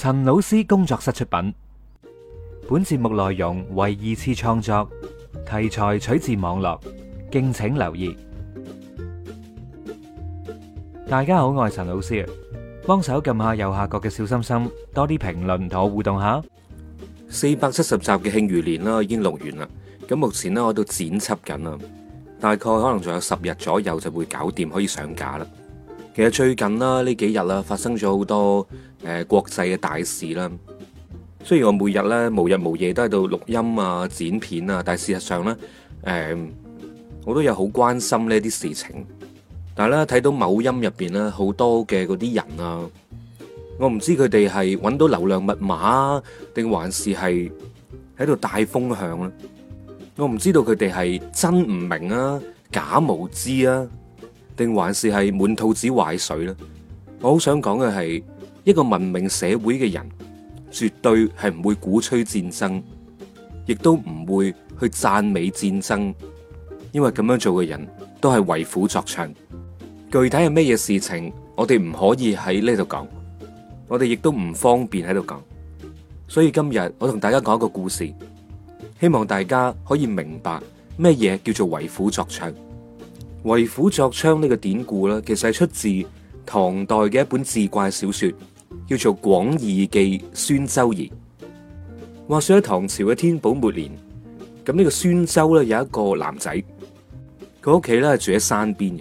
陳老師工作室出品，本節目內容為二次創作，題材取自網絡，敬請留意。大家好，我係陳老師，幫手撳下右下角嘅小心心，多啲評論同我互動下。四百七十集嘅慶餘年啦，已經錄完啦，咁目前呢，我度剪輯緊啦，大概可能仲有十日左右就會搞掂，可以上架啦。其實最近啦，呢幾日啦，發生咗好多誒國際嘅大事啦。雖然我每日咧無日無夜都喺度錄音啊、剪片啊，但係事實上咧，誒、嗯，我都有好關心呢啲事情。但係咧，睇到某音入邊咧好多嘅嗰啲人啊，我唔知佢哋係揾到流量密碼啊，定還是係喺度帶風向咧？我唔知道佢哋係真唔明啊，假無知啊。定還是係滿肚子壞水咧？我好想講嘅係一個文明社會嘅人，絕對係唔會鼓吹戰爭，亦都唔會去讚美戰爭，因為咁樣做嘅人都係為虎作倀。具體係咩嘢事情，我哋唔可以喺呢度講，我哋亦都唔方便喺度講。所以今日我同大家講一個故事，希望大家可以明白咩嘢叫做為虎作倀。為虎作倀呢個典故咧，其實係出自唐代嘅一本志怪小說，叫做《廣異記》。孫周言話說喺唐朝嘅天寶末年，咁呢個孫周咧有一個男仔，佢屋企咧住喺山邊嘅。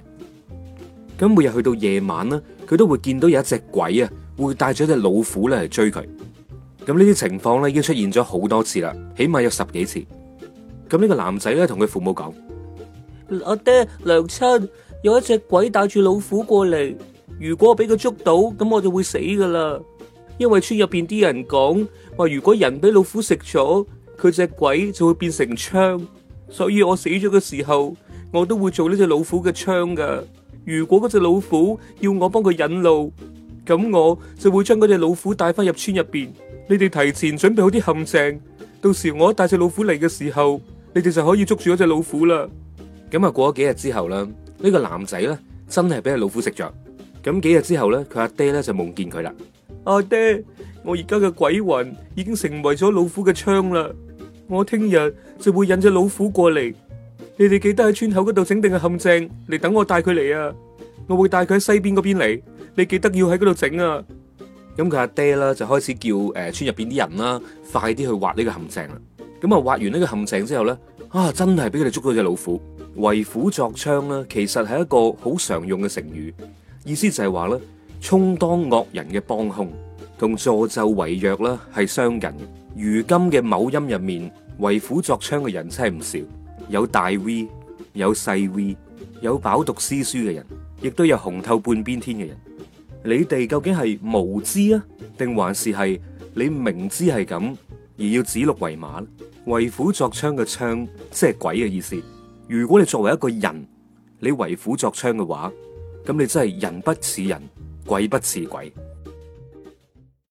咁每日去到夜晚咧，佢都會見到有一隻鬼啊，會帶咗隻老虎咧嚟追佢。咁呢啲情況咧已經出現咗好多次啦，起碼有十幾次。咁呢個男仔咧同佢父母講。阿爹、娘親，有一隻鬼帶住老虎過嚟。如果我俾佢捉到，咁我就會死噶啦。因為村入邊啲人講話，如果人俾老虎食咗，佢隻鬼就會變成倀。所以我死咗嘅時候，我都會做呢隻老虎嘅倀噶。如果嗰隻老虎要我幫佢引路，咁我就會將嗰隻老虎帶翻入村入邊。你哋提前準備好啲陷阱，到時我帶隻老虎嚟嘅時候，你哋就可以捉住嗰隻老虎啦。咁、這個、啊，過咗幾日之後啦，呢個男仔咧真係俾隻老虎食着。咁幾日之後咧，佢阿爹咧就夢見佢啦。阿爹，我而家嘅鬼魂已經成為咗老虎嘅倀啦。我聽日就會引隻老虎過嚟，你哋記得喺村口嗰度整定個陷阱嚟等我帶佢嚟啊。我會帶佢喺西邊嗰邊嚟，你記得要喺嗰度整啊。咁佢阿爹啦，就開始叫誒村入邊啲人啦，快啲去挖呢個陷阱啦。咁啊，挖完呢個陷阱之後咧，啊，真係俾佢哋捉到隻老虎，為虎作倀啦，其實係一個好常用嘅成語，意思就係話咧，充當惡人嘅幫凶，同助紂為虐啦係相近嘅。如今嘅某音入面，為虎作倀嘅人真係唔少，有大 V，有細 V，有飽讀詩書嘅人，亦都有紅透半邊天嘅人。你哋究竟係無知啊，定還是係你明知係咁？而要指鹿為馬咧，為虎作倀嘅倀，即係鬼嘅意思。如果你作為一個人，你為虎作倀嘅話，咁你真係人不似人，鬼不似鬼。